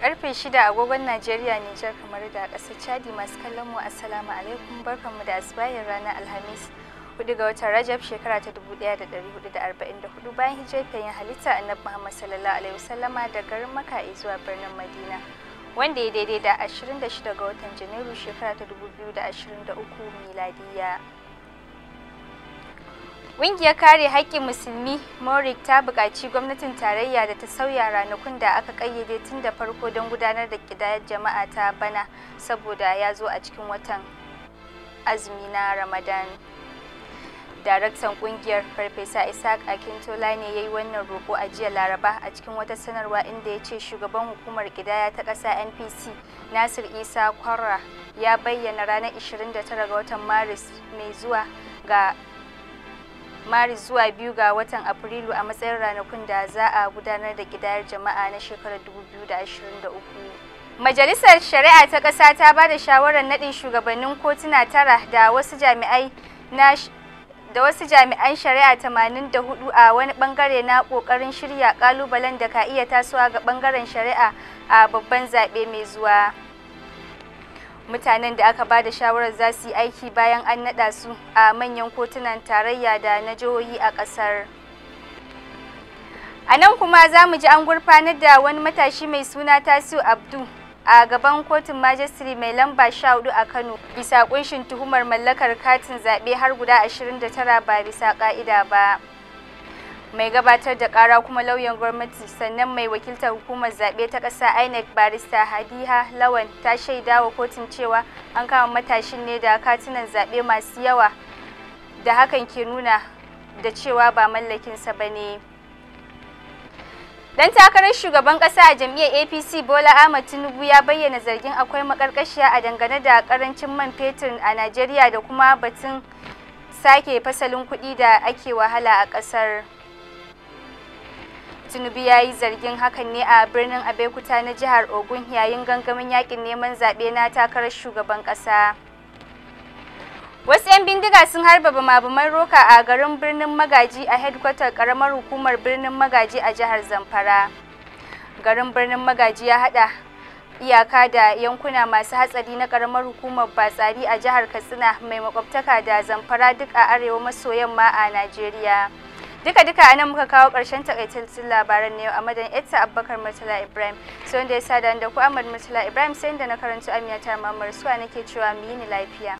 karfe 6 agogon Najeriya niger kamar da ƙasar Chadi masu kallon mu assalamu alaikum barkanmu da asibahin ranar Alhamis 4 ga watan Rajab shekara ta 1444 bayan hijirar halitta Annabi Muhammad sallallahu alaihi wasallama da garin Makka zuwa birnin Madina wanda ya daidai da 26 ga watan Janairu shekara ta 2023 miladiya. Ƙungiyar kare haƙƙin musulmi Morik ta buƙaci gwamnatin tarayya da ta sauya ranakun da aka ƙayyade tun da farko don gudanar da ƙidayar jama'a ta bana saboda ya zo a cikin watan azumi na Ramadan. Daraktan ƙungiyar Farfesa Isaac Akintola ne ya yi wannan roƙo a jiya Laraba a cikin wata sanarwa inda ya ce shugaban hukumar ƙidaya ta ƙasa NPC Nasir Isa Kwarra ya bayyana ranar 29 ga watan Maris mai zuwa ga maris zuwa biyu ga watan afrilu a matsayin ranakun da za a gudanar da gidayar jama'a na shekarar 2023 Majalisar Shari'a ta ƙasa ta ba da shawarar naɗin shugabannin kotuna tara da wasu jami'an shari'a 84 a wani bangare na ƙoƙarin shirya ƙalubalen da ka iya tasowa ga bangaren shari'a a babban zaɓe mai zuwa. mutanen da aka bada shawarar za su yi aiki bayan an naɗa su a manyan kotunan tarayya da na jihohi a ƙasar a nan kuma za mu ji an gurfanar da wani matashi mai suna tasiu abdu a gaban kotun majistri mai lamba 14 a kano bisa kunshin tuhumar mallakar katin zaɓe har guda 29 ba bisa ƙa'ida ba mai gabatar da kara kuma lauyan gwamnati sannan mai wakiltar hukumar zaɓe ta ƙasa inec barista hadiha lawan ta shaida wa kotun cewa an kama matashin ne da katunan zaɓe masu yawa da hakan ke nuna da cewa ba mallakinsa ba ne dan takarar shugaban kasa a jam'iyyar apc bola ahmad tinubu ya bayyana zargin akwai makarkashiya a dangane da karancin man fetur a najeriya da kuma batun sake fasalin kuɗi da ake wahala a ƙasar. Tinubu ya yi zargin hakan ne a birnin Abeokuta na jihar Ogun yayin gangamin yakin neman zaɓe na takarar shugaban ƙasa. Wasu 'yan bindiga sun harba ba baman roka a garin birnin Magaji a hedkwatar ƙaramar hukumar birnin Magaji a jihar Zamfara. Garin birnin Magaji ya haɗa iyaka da yankuna masu hatsari na ƙaramar hukumar Batsari a jihar Katsina mai makwabtaka da Zamfara duk a arewa maso yamma a Najeriya. duka duka anan muka kawo karshen takaitaccen labaran ne a madan Etta abubakar murtala ibrahim so inda ya sada da ku ahmad murtala ibrahim sai da na karantu amiya ta mamar suwa nake cewa mu yi lafiya